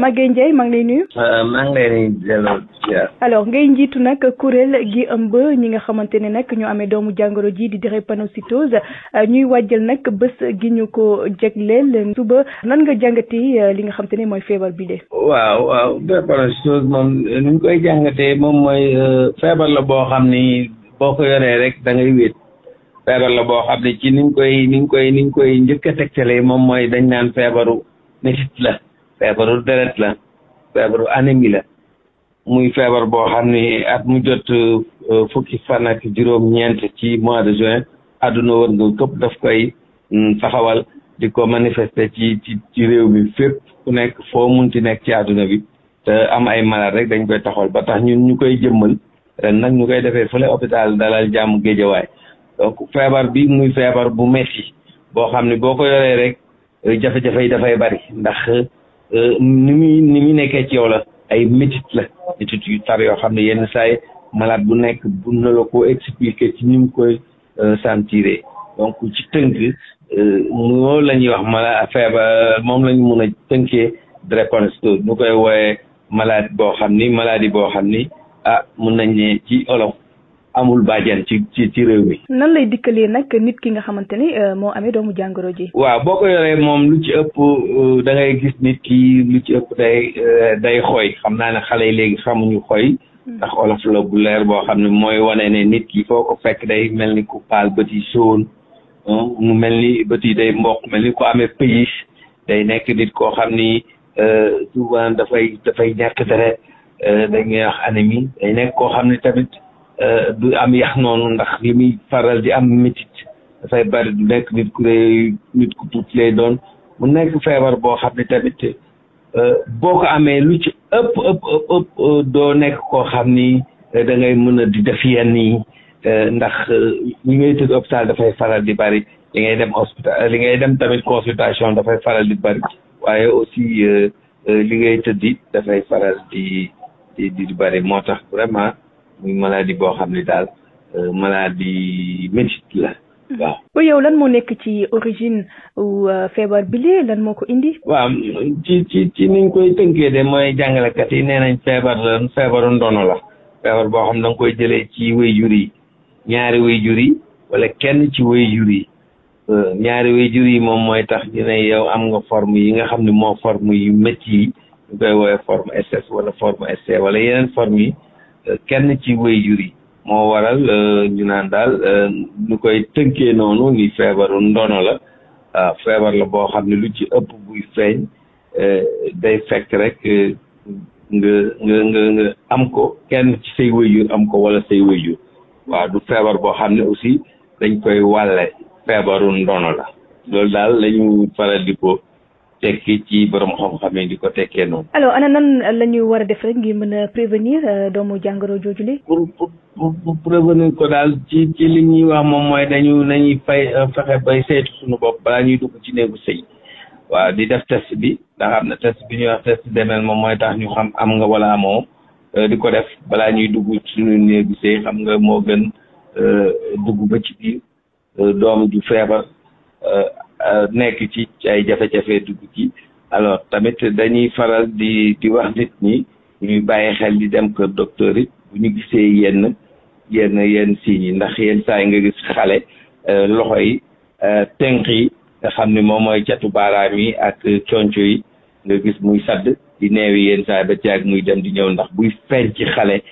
Maguette Ndiaye maa ngi lay nuyu. Euh, maa ngi alors ngay njiitu nag kuréel gi ëmb ñi nga xamante ne nag ñu amee doomu jàngoro ji di drépanocytose euh, ñuy wàjjal nag bés gi ñu ko jagleel suba nan nga jàngatee euh, li nga xamante ne mooy feebar bi de. waaw waaw ni ñu koy jàngatee moom mooy feebar la boo xam ni boo ko yoree rek da ngay feebar la boo xam ne ci niñ koy niñ koy niñ koy njëkk a tegtalee moom mooy dañ naan feebaru métit la feebaru deret la feebaru anémie la muy feebar boo xam ni at mu jot euh, fukki fan ak juróom-ñeent ci mois de juin àdduna wër nga këpp daf koy mm, saxawal di ko manifester ci ci réew mi fépp ku nekk foo ci nekk ci àdduna bi te am ay malade rek dañ koy taxawal ba tax ñun ñu koy jëmmal ren nag ñu koy defee fule hôpital dalal jàmm géejawaay donc feebar bi muy feebar bu metti boo xam ne boo ko yoree rek jafe-jafe yi dafay bari ni muy ni muy nekkee ci yow la ay métit la métit yu tar yoo xam ne yenn saay malade bu nekk bu na la ko expliquer ci ni koy euh, sentiré donc ci tënk euh, loolu la ñuy wax mala feebar moom la ñu mun a tënkee drépanocytose ñu koy wooyee malade boo xam ni maladie boo xam ni ah mun nañ ne ci olof amul bàjjen ci ci ci réew mi. nan lay dikkalee nag nit ki nga xamante ni euh, moo amee doomu jàngoro ji. waaw boo ko yoree moom lu ci ëpp euh, dangay gis nit ki lu ci ëpp day euh, day xooy xam naa ne xale yi léegi xamuñu xooy. Hmm. ndax olof la bu leer boo xam ne mooy wane ne nit ki foo ko fekk day mel ni ku paal bët yi sóon mu mel ni bët yi day mboq mel ni ku amee pays day nekk nit koo xam ni souvent dafay dafay deret dañ ngay wax day nekk koo xam ne tamit. Euh, du am yax noonu ndax li faral di am métit dafay bari du nekk nit ku rëy nit ku tuuti lay doon mu nekk feebar boo xam ne tamit euh, boo ko amee lu ci ëpp ëpp euh, doo nekk koo xam ni da ngay mën a di def yenn yi ndax ñi ngay tëdd hôpital dafay faral di bari li ngay dem hospital li ngay dem tamit consultation dafay faral di bari waaye aussi li ngay tëddi dafay faral di di di bari moo tax vraiment muy maladie bo xam ne daal euh, maladie médite la mhm. waaw. lan moo nekk ci origine euh, feebar bi lii lan moo ko indi. waaw ci ci ci niñ koy tënkee de mooy jàngalekat yi nee nañ feebar la feebaru ndono la. feebar boo xam da nga koy jëlee ci waajur yi ñaari waajur yi wala kenn ci waajur yi euh, ñaari waajur yi moom mooy tax ñu ne yow am nga forme yi nga xam ni moo forme yu métti yi ñu koy woowee forme SS wala forme SC wala yeneen forme yi. kenn ci wéyjur yi moo waral euh, ñu naan daal euh, ñu koy tënkee noonu ni feebaru ndono la ah, feebar la boo xam ne lu ci ëpp buy feeñ euh, day fekk rek nga nga nga am ko kenn ci say wéyjur am ko wala say wéyjur waaw du feebar boo xam ne aussi dañ koy wàlle feebaru ndono la loolu daal lañu faral di tekki ci borom xam-xam yi di ko tekkee noonu. alors ana nan la ñuy war a def rek ngi mën a prévenir euh, doomu jàngoro jooju li pour pour prévenir ko daal ci ci li ñuy wax moom mooy dañu nañuy fay euh, fexe bay saytu suñu bopp balaa ñuy dugg ci néegu sëy waaw di def test bi ndax am na test moom mooy tax ñu xam am nga wala amoo euh, di ko def balaa ñuy dugg suñu néegu sëy nga moo gën ba ci biir doom ju feebar. Euh, nekk ci ay jafe-jafe dugg ci alors tamit dañuy faral di di wax nit ñi ñuy bàyyi xel di dem ko docteur it bu ñu gisee yenn yenn yenn signes yi ndax yenn saa yi nga gis xale euh, loxo yi euh, tenq yi nga xam ni moom mooy catu yi ak conco yi nga gis muy sadd di neewi yenn saa ba caag muy dem di ñëw ndax buy feeñ ci xale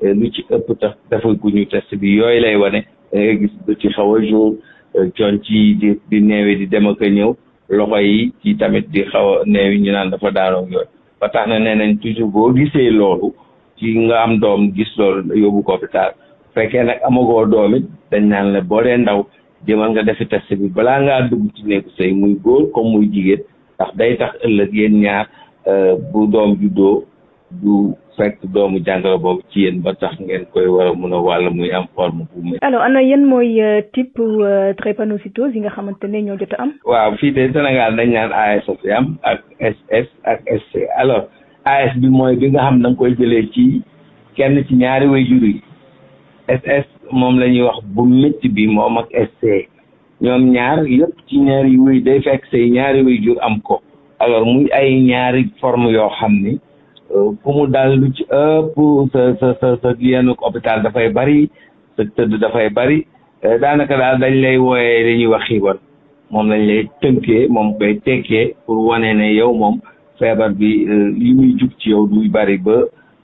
lu ci ëpp tax dafa guñu test bi yooyu lay wane da ngay gis du ci xaw a jour Euh, coon ci di di neewi dem ak a ñëw loxo yi ci tamit di xaw a neewi ñu naan dafa daanoo yooyu ba tax na nee nañ toujours boo gisee loolu ci nga am doom gis loolu yóbbu ko hôpital fekkee nag amago doom it dañ naan la boo dee ndaw jëmal nga defi test bi balaa ngaa dugg ci néegu sëy muy góor comme muy jigéen ndax day tax ëllëg yéen ñaar euh, bu doom juddoo du fekk doomu jàngoro boobu ci yéen ba tax ngeen koy war mun a wàll muy am forme bu alors ana yan mooy euh, type euh, drépanocytose yi nga xamante ne ñoo jot a am. waaw fii de Sénégal dañ naan AS am ak ak alors AS bi mooy bi xam da koy jëlee ci kenn ci ñaari waajur moom la wax bu métti bi moom ak SC ñoom ñaar yëpp ci ñaari wuy day fekk say ñaari waajur am ko alors muy ay ñaari forme yoo xam ni. ku euh, mu daal lu ci ëpp sa sa sa sa yenn hôpital dafay bari sa tëdd dafay bari euh, daanaka daal dañ lay wooyee lañuy ñuy wax xiibar moom lañ lay tënkee moom koy tekkee pour wane ne yow moom feebar bi euh, li muy jug ci yow duy bari ba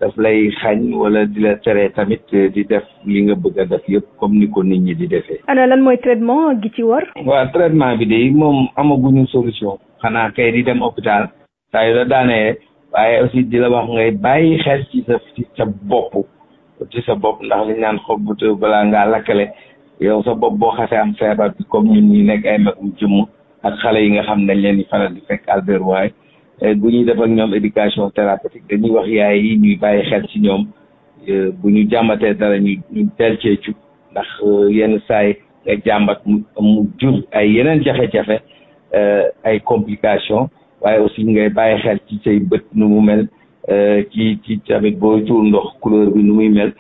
daf lay xañ wala di la teree tamit di def li nga bëgg yëpp comme ni ko nit ñi di defee. ana lan mooy traitement gi ci war. waaw traitement bi de moom amaguñu solution. xanaa kay di dem hôpital saa yu la daanee waaye aussi di la wax ngay bàyyi xel ci sa bopp ci sa bopp ndax li ñu naan xobbutu balaa ngaa lakkale yow sa bopp boo xasee am feebar bi comme ñun ñi nekk ay magum jëmm ak xale yi nga xam dañ leen di faral di fekk Albert waaye eh, bu ñuy def ak ñoom éducation thérapeutique dañuy wax yaay yi ñuy bàyyi xel ci ñoom eh, bu ñu jàmbatee dara ñu ñu teel cee ndax eh, yenn saay nga jàmbat mu jur ay yeneen jafe-jafe ay complication waaye aussi ngay bàyyi xel ci say bët nu mu mel euh, ci ci tamit boo tuur ndox couleur bi nu muy mel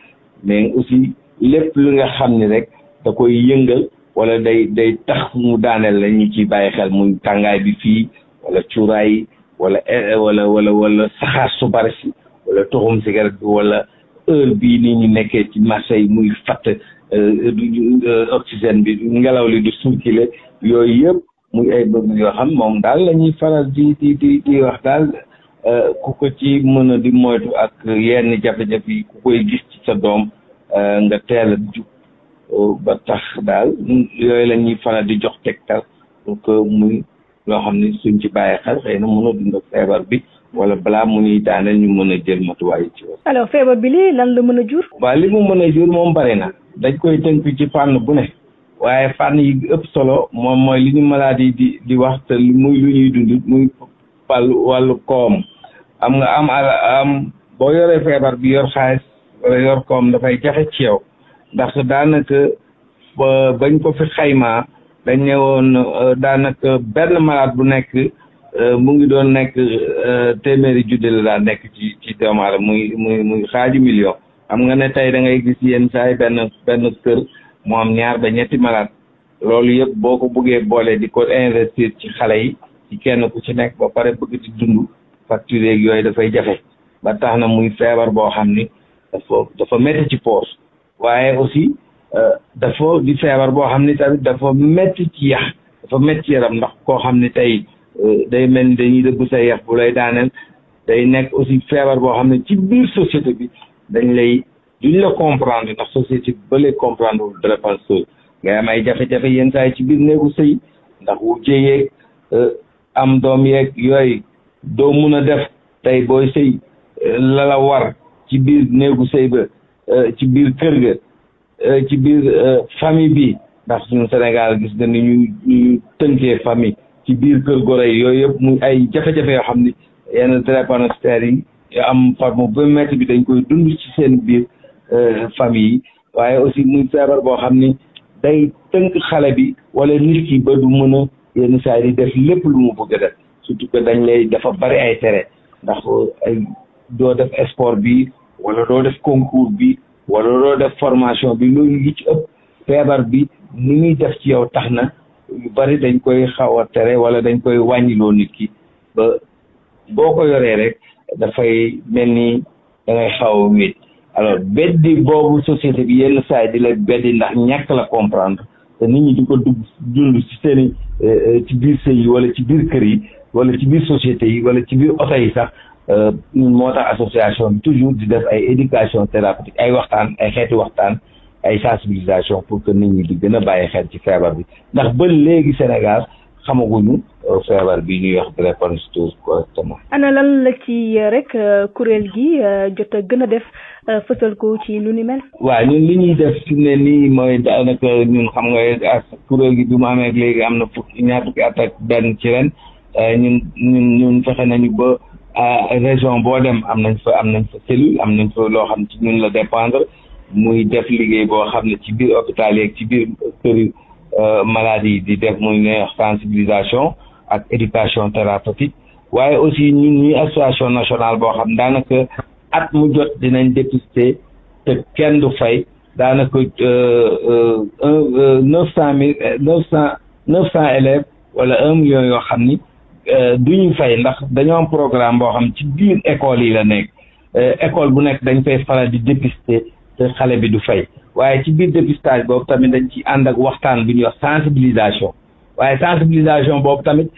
mais aussi lépp lu nga xam ni rek da koy yëngal wala day day tax mu daaneel la ñu ciy bàyyi xel muy tàngaay bi fii wala cuuraay wala wala wala wala saxaar su bari si wala toxum cigarette bi wala heure bii ni ñu nekkee ci marché yi muy fatt euh, euh, oxygène bi ngelaw li du circuler yooyu yëpp muy ay bëgg yoo xam moom daal la ñuy faral di di di di wax daal euh, ku ko ci mën a di moytu ak yenn jafe-jafe yi ku koy gis ci sa doom euh, nga teela jub euh, ba tax daal yooyu la ñuy faral di jox tegtal pour que muy loo xam suñ ci bàyyi xel xëy na mën a dund ak feebar bi wala balaa mu ñuy daane ñu mën a jël matuwaay ci wàll. alors feebar bi lii lan la mën a jur. waaw li mu mën a jur moom bari na dañ koy tënk ci fànn bu ne. waaye fànn yi ëpp solo moom mooy li ñu maladie di di wax te muy lu ñuy dund muy wàllu wàllu koom am nga am am boo yoree feebar bi yor xaalis wala yor koom dafay jafe ci yow ndax daanaka bañ ko fi xaymaa dañ ne woon euh, daanaka benn malade bu nekk euh, mu ngi doon nekk euh, téeméeri judde la daan nekk ci ci doomu aadama muy muy muy million am nga ne tey da ngay gis yenn saay benn benn kër mu am ñaar ba ñetti malade loolu yëpp boo ko bëggee boole di ko investir ci xale yi ci kenn ku ci nekk ba pare bëgg di dund facture yooyu dafay jafe ba tax na muy feebar boo xam ni dafa dafa ci poos waaye aussi euh, dafa di feebar boo xam ni tamit dafa métti ci yax dafa métti ci yaram ndax koo xam ni tey euh, day mel ni dañuy dëggu sa yax bu lay daaneel day nekk aussi feebar boo xam ne ci biir société bi dañ lay duñ la comprendre ndax société bële comprendre wul dara par sooy am ay jafe-jafe yenn saa yi ci biir néegu sëy ndax wu jéyeeg euh, am doom yeeg yooyu doo mun a def tey booy sëy euh, la la war ci biir néegu sëy ba euh, ci biir kër ga ci biir famille bi ndax suñu Sénégal gis nga ñu tënkee famille ci biir kër goro yi yooyu yëpp mu ay jafe-jafe yoo xam ni yenn drépanocytaires yi am forme bu métti bi dañ koy dund ci seen biir Euh, famille waaye aussi muy feebar boo xam ni day tënk xale bi wala nit ki ba du mën a yenn saa yi di def lépp lu mu bëgg a def surtout dañ lay dafa bari ay tere ndax doo def sport bi wala doo def concours bi wala doo def formation bi loolu li ci ëpp feebar bi ni muy def ci yow tax na yu bari dañ koy xaw a tere wala dañ koy wàññiloo nit ki ba boo ko yoree rek dafay mel ni da xaw a alors beddi boobu société bi yenn saay di la beddi ndax ñàkk la comprendre te nit ñi du ko dugg dund ci seeni euh, ci biir sëy yi wala ci biir kër yi wala ci biir société yi wala ci biir oto yi sax euh, moo tax association toujours di def ay éducation thérapeutique ay waxtaan ay xeeti waxtaan ay sensibilisation pour que nit ñi di gën a bàyyi xel ci feebar bi ndax ba léegi Sénégal xamaguñu euh, feebar bi ñuy wax drépanocytose correctement. ana lan la ci euh, rek euh, kuréel gi jot a gën a def fësal ko ci lu ni mel. waaw ñun li ñuy def fi ne nii mooy daanaka ñun xam nga ak kuréel gi bi mu amee léegi am na fukki ñaar fukki at ak ci ren ñun ñun ñun nañu ba région boo dem am nañ fa am nañ fa am nañ fa loo xam ci ñun la dépendre muy def liggéey boo xam ne ci biir hôpital yeeg ci biir kër Euh, maladie di def muy neex sensibilisation ak éducation thérapeutique waaye aussi ñun ñuy association nationale boo xam daanaka at mu jot dinañ dépister te kenn du fay daanaka euh, euh, un neuf cent mille neuf cent neuf cent élèves wala un million yoo xam ni du ñu fay ndax dañoo am programme boo xam ci biir école yi la nekk école bu nekk dañ fay faral di dépister te xale bi du fay waaye ci biir dépistage boobu tamit dañ ci ànd ak waxtaan bi ñuy wax sensibilisation waaye sensibilisation boobu tamit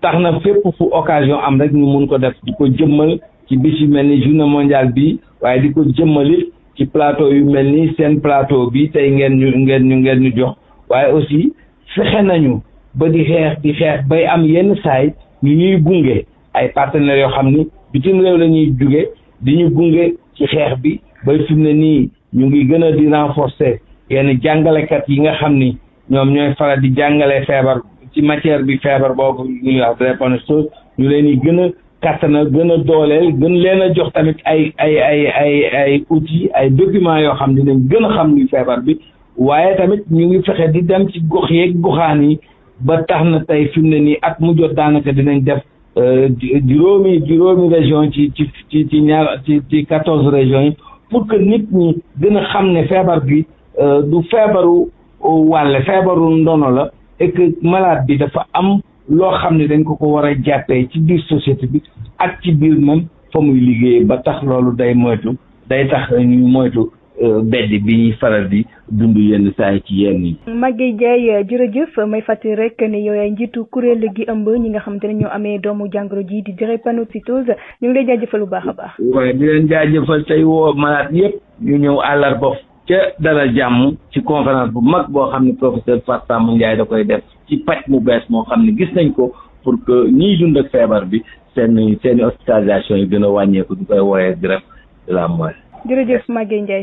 tax na fépp fu occasion am rek ñu mun ko def di ko jëmmal ci bis yu mel ni journée mondiale bi waaye di ko jëmmalit ci plateau yu mel ni seen plateau bi tey ngeen ñu ngeen ñu ngeen ñu jox waaye aussi fexe nañu ba di xeex di xeex bay am yenn saay ñu ñuy gunge ay partenaires yoo xam ni bitim réew lañuy ñuy jóge di ñu gunge ci xeex bi bay fi nii ñu ngi gën a di renforcer yenn jàngalekat yi nga xam ni ñoom ñooy faral di jàngale feebar ci matière bi feebar boobu ñuy wax drépanocytose ñu leen di gën a kattanal gën a dooleel gën leen a jox tamit ay ay ay ay ay outils ay documents yoo xam ne dañ gën a xam ni feebar bi waaye tamit ñu ngi fexe di dem ci gox yeeg goxaan yi ba tax na tey fi mu ne nii at mu jot daanaka dinañ def euh, di juróomi région ci ci ci ci ñaar ci ci quatorze régions yi pour que nit ñi gën a xam ne feebar bi euh, du feebaru euh, wàlle feebaru ndono la et que bi dafa am loo xam ne dañ ko ko war a jàppee ci biir société bi ak ci biir moom fa muy liggéey ba tax loolu day moytu day tax ñu moytu bedd bi ñuy faral di dund yenn saay ci yenn yi. Maguette Ndiaye jërëjëf may fàttali rek ne yow yaay njiitu kuréel gi ëmb ñi nga xam xamante ne ñoo amee doomu jàngoro ji di drépanocytose ñu ngi lay jaajëfal bu baax a baax. waaye di leen jaajëfal tey woo malade yëpp ñu ñëw àllarba ca dara jàmm ci conférence bu mag boo xam ne professeur Fatou Samba Ndiaye da koy def ci paj mu bees moo xam ne gis nañ ko pour que ñuy dund ak feebar bi seen seeni hospitalisation yi gën a wàññeeku du koy wooyee grève